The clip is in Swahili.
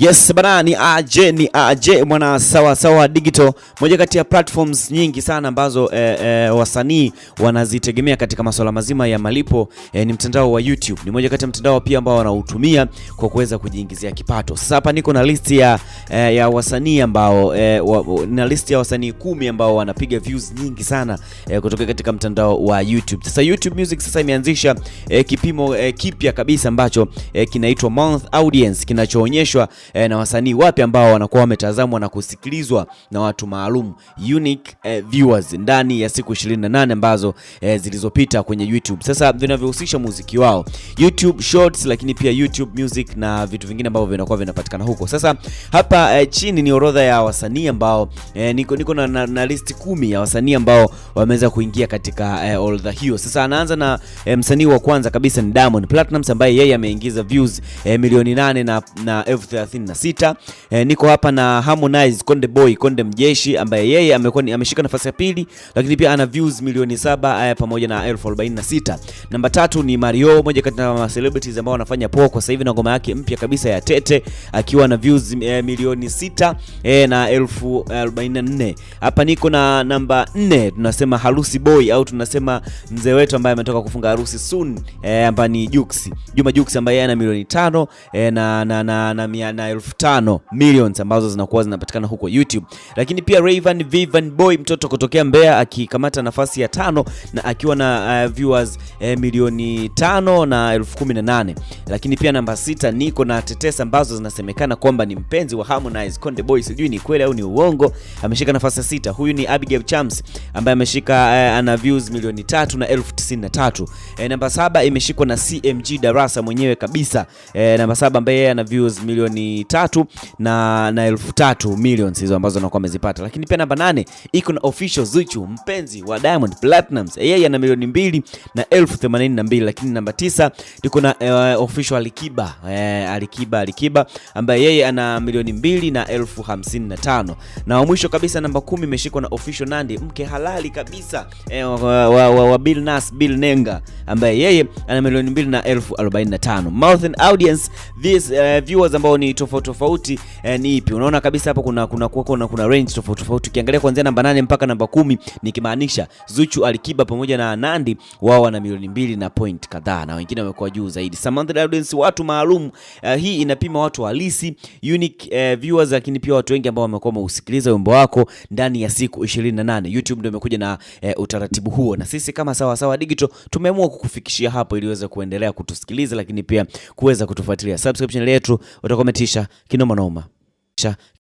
Yes bana, ni aje ni aje mwana sawa sawa digital, moja kati ya platforms nyingi sana ambazo eh, eh, wasanii wanazitegemea katika masuala mazima ya malipo eh, ni mtandao wa YouTube. Ni moja kati ya mtandao pia ambao wanautumia kwa kuweza kujiingizia kipato. Sasa hapa niko na listi ya eh, ya wasanii ambao eh, wa, na listi ya wasanii kumi ambao wanapiga views nyingi sana eh, kutoka katika mtandao wa YouTube. Sasa YouTube Music sasa imeanzisha eh, kipimo eh, kipya kabisa ambacho eh, kinaitwa month audience kinachoonyeshwa eh, na wasanii wapi ambao wanakuwa wametazamwa na kusikilizwa na watu maalum unique eh, viewers ndani ya siku 28 ambazo eh, zilizopita kwenye YouTube. Sasa vinavyohusisha muziki wao YouTube Shorts, lakini pia YouTube Music na vitu vingine ambavyo vinakuwa vinapatikana huko. Sasa hapa eh, chini ni orodha ya wasanii ambao eh, niko, niko na, na, na listi kumi ya wasanii ambao wameweza kuingia katika eh, orodha hiyo. Sasa anaanza na eh, msanii wa kwanza kabisa ni Diamond Platnumz ambaye yeye ameingiza views eh, milioni nane na, na elfu 36. E, eh, niko hapa na Harmonize Konde Boy, Konde Mjeshi ambaye yeye amekuwa ameshika nafasi ya pili, lakini pia ana views milioni saba haya eh, pamoja na elfu 46. Namba tatu ni Mario, moja kati ya celebrities ambao wanafanya poa kwa sasa hivi na ngoma yake mpya kabisa ya Tete akiwa na views e, milioni sita e, na elfu 44. Hapa niko na namba nne, tunasema Harusi Boy au tunasema mzee wetu ambaye ametoka kufunga harusi soon e, ambaye ni Jux. Juma Jux ambaye ana milioni tano e, na, na, na na na, na, na, na elfu tano millions ambazo zinakuwa zinapatikana huko YouTube. Lakini pia Rayvan Vivian Boy mtoto kutokea Mbeya akikamata nafasi ya tano na akiwa na uh, viewers eh, milioni tano na elfu kumi na nane. Lakini pia namba sita niko na tetesa ambazo zinasemekana kwamba ni mpenzi wa Harmonize Konde Boy, sijui ni kweli au ni uongo. Ameshika nafasi ya sita. Huyu ni Abigail Chams ambaye ameshika eh, ana views milioni tatu na elfu tisini na tatu. Eh, namba saba imeshikwa na CMG Darasa mwenyewe kabisa. Eh, namba saba ambaye ana views milioni tatu na, na elfu tatu millions hizo ambazo anakuwa amezipata. Lakini pia namba nane iko na official Zuchu mpenzi wa Diamond Platnumz, yeye ana milioni mbili na elfu themanini na mbili. Lakini namba tisa iko na uh, official Alikiba uh, Alikiba Alikiba ambaye yeye ana milioni mbili na elfu hamsini na tano na wa mwisho kabisa namba kumi imeshikwa na official Nandi mke halali kabisa eh, wa, wa, wa, wa Bill Nas Bill Nenga ambaye yeye ana milioni mbili na elfu arobaini na tano. Mouth and audience these uh, viewers ambao ni tofauti tofauti eh, ni ipi? Unaona kabisa hapo kuna kuna kuna, kuna, kuna range tofauti tofauti. Ukiangalia kuanzia namba nane mpaka namba kumi nikimaanisha Zuchu, Alikiba pamoja na Nandi wao wana milioni mbili na point kadhaa na wengine wamekuwa juu zaidi. Samantha Audience watu maalum eh, hii inapima watu halisi unique eh, viewers, lakini pia watu wengi ambao wamekuwa wameusikiliza wimbo wako ndani ya siku 28. YouTube ndio imekuja na eh, utaratibu huo na sisi kama sawa sawa digital tumeamua kukufikishia hapo ili uweze kuendelea kutusikiliza, lakini pia kuweza kutufuatilia. Subscription yetu utakomenti Krishna Kinomanoma. Krishna